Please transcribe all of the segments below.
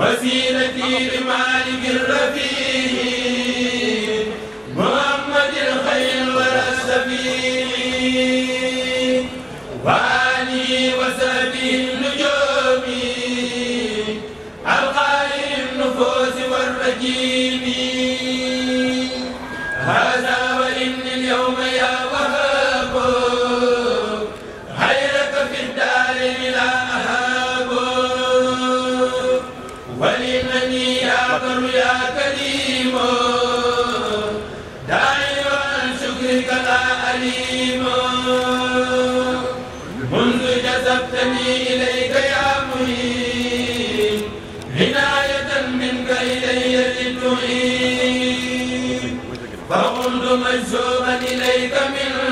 وسيلتي لمالك الرفيع محمد الخير والسفيع وآله وسبه النجوم القائل النفوس والرجيم عليم منذ جذبتني إليك يا مهيم عناية منك إلي لتعين فقلت مجذوبا إليك من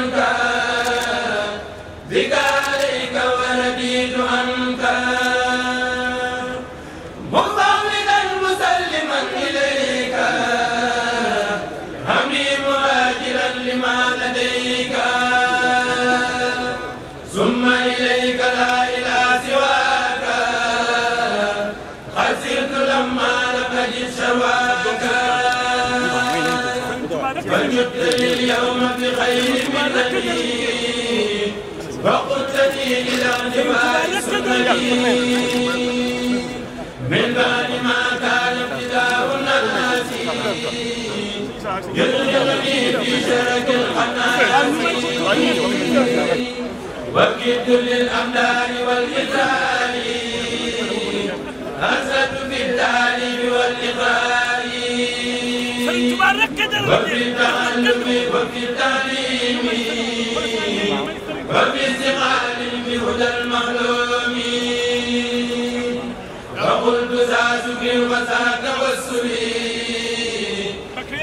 لما لقد سواك فليبتل اليوم بخير منني وقلتني للاغتباء سنني من بعد ما كان ابتداء الناس يلغمني في شرك الحنان وكدت للأمدار والإذلال أزد في بالتعليم والإقراء وفي التعلم وفي التعليم وفي استقال بهدى المخلوم وقلت ساسك وساك والسلي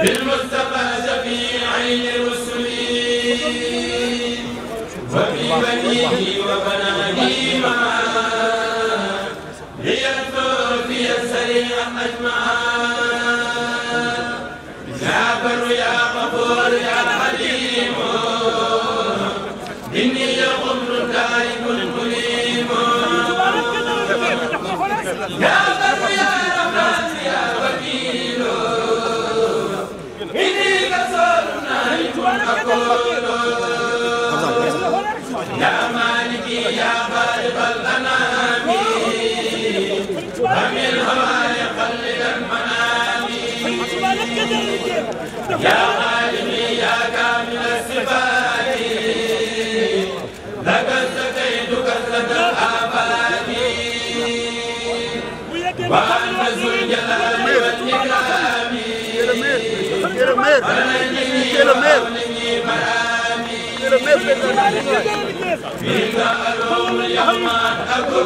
بالمصطفى شفيع عين الرسل وفي بنيه وبناني معاه yaa Binga alul yahmat akul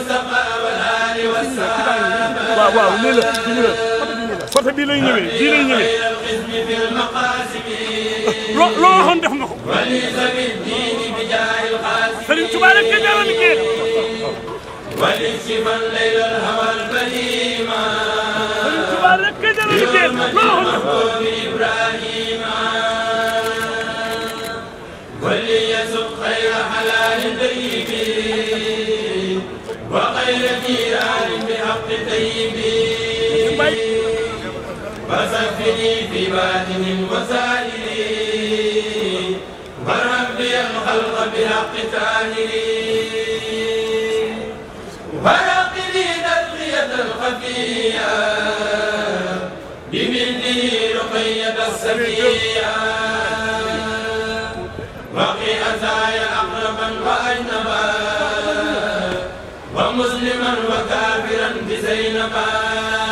waaw waaw lii la lii la côté bii lay ñëwee bii lay ñëwee loo loo waxoon def nga ko. Sëriñ Tuba rek nga jaral liggéey. Sëriñ Tuba rek nga jaral liggéey loo waxoon def وسفني في باطن وسائلي وارحم بي الخلق بحق تاهلي ورقني تدغية الخفية بمنه رقية السفية وقي أزايا أقربا وأجنبا ومسلما وكافرا بزينبا